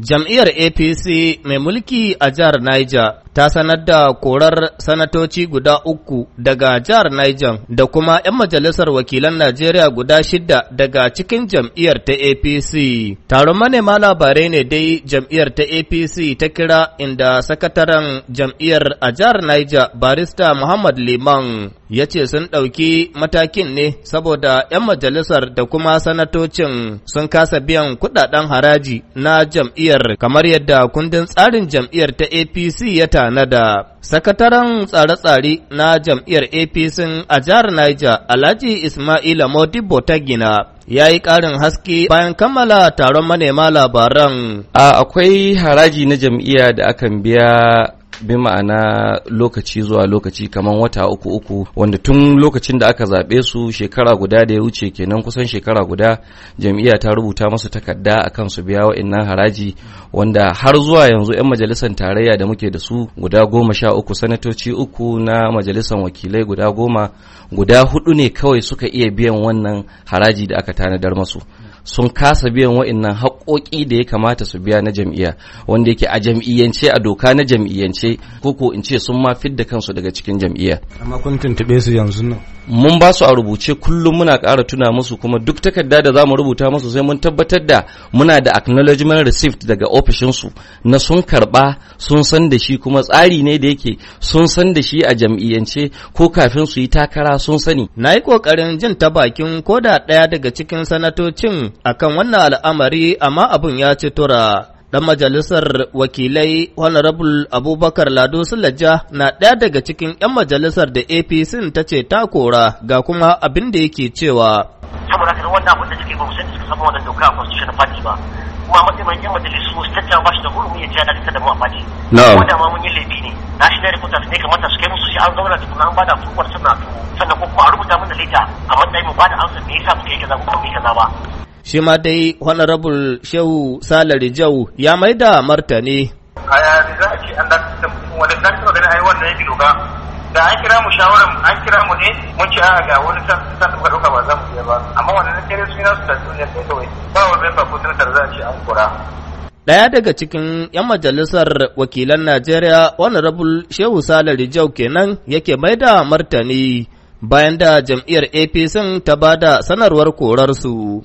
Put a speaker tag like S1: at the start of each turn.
S1: Jam'iyyar APC mai mulki a jihar Niger ta sanar da korar sanatoci guda uku daga jihar Niger da kuma 'yan majalisar wakilan Najeriya guda shida daga cikin jam'iyyar ta APC. Taron manema labarai ne dai jam'iyyar ta APC ta kira inda sakataren jam'iyyar a jihar Niger barista Muhammad Liman ya ce sun ɗauki matakin ne saboda 'yan majalisar da kuma sanatocin sun kasa biyan kudaden haraji na jam'iyyar kamar yadda kundin tsarin jam'iyyar ta APC ya tanada. Sakataren tsare-tsare na jam'iyyar APC a jihar Niger, Alhaji Ismaila Modibo ta gina. ya yi ƙarin haske bayan kammala taron manema labaran. A akwai
S2: haraji na jam'iyya da akan biya bi ma'ana lokaci zuwa lokaci kamar wata uku uku wanda tun lokacin da aka zaɓe su shekara guda da ya wuce kenan kusan shekara guda jam'iyya ta rubuta masu takarda akan su biya wa'innan haraji wanda har zuwa yanzu 'yan majalisar tarayya da muke da su guda goma sha uku sanatoci uku na majalisar wakilai guda goma guda hudu ne kawai suka iya biyan wannan haraji da aka tanadar masu. sun kasa biyan wa'annan haƙoƙi da ya kamata su biya na jam'iyya wanda yake a jam'iyyance a doka na jam'iyyance ko in ce sun ma fidda kansu daga cikin jam'iyya
S1: amma kun tuntube su yanzu nan
S2: mun ba su a rubuce kullum muna ƙara tuna musu kuma duk takarda da za mu rubuta musu sai mun tabbatar da muna da acknowledgement received daga ofishinsu na sun karɓa sun san da shi kuma tsari ne da yake sun san da
S1: shi a jam'iyyance ko kafin su yi takara sun sani na yi ƙoƙarin jin ta bakin ko da ɗaya daga cikin sanatocin akan wannan al'amari amma abun ya ci tura. Ɗan majalisar wakilai Honorable Abubakar Lado Sulaja na ɗaya daga cikin 'yan majalisar da APC ta ce ta kora ga kuma abin da yake cewa. Saboda haka wannan abin da suke ba musamman suka samu wannan doka a Constitution Party ba. Kuma matsayin 'yan majalisu su tattara ba shi da hurumi ya ce ya da mu a Party. Na
S2: Wanda ma mun yi laifi ne. na shi national reporters ne kamata su kai musu shi an zauna tukuna an bada tukwar suna sannan ko kuma a rubuta mana leta a matsayin mu bada amsa me yasa muke kaza ko me kaza ba
S1: shi ma dai honorable shehu salari jau ya mai da martani a yanzu za a
S2: ce an da wani ɗan kawai gani ai wannan yake doka da an kira mu shawarar an kira mu ne mun ci a ga wani san san ka doka ba za mu je ba amma wannan na kere suna su da duniya sai kawai ba wani mai fafi tunatar za a ce an kura
S1: Daya daga cikin 'yan majalisar wakilan Najeriya, wani rabul Shehu Salari Jau kenan yake mai da martani bayan da jam'iyyar APC ta ba da sanarwar korarsu.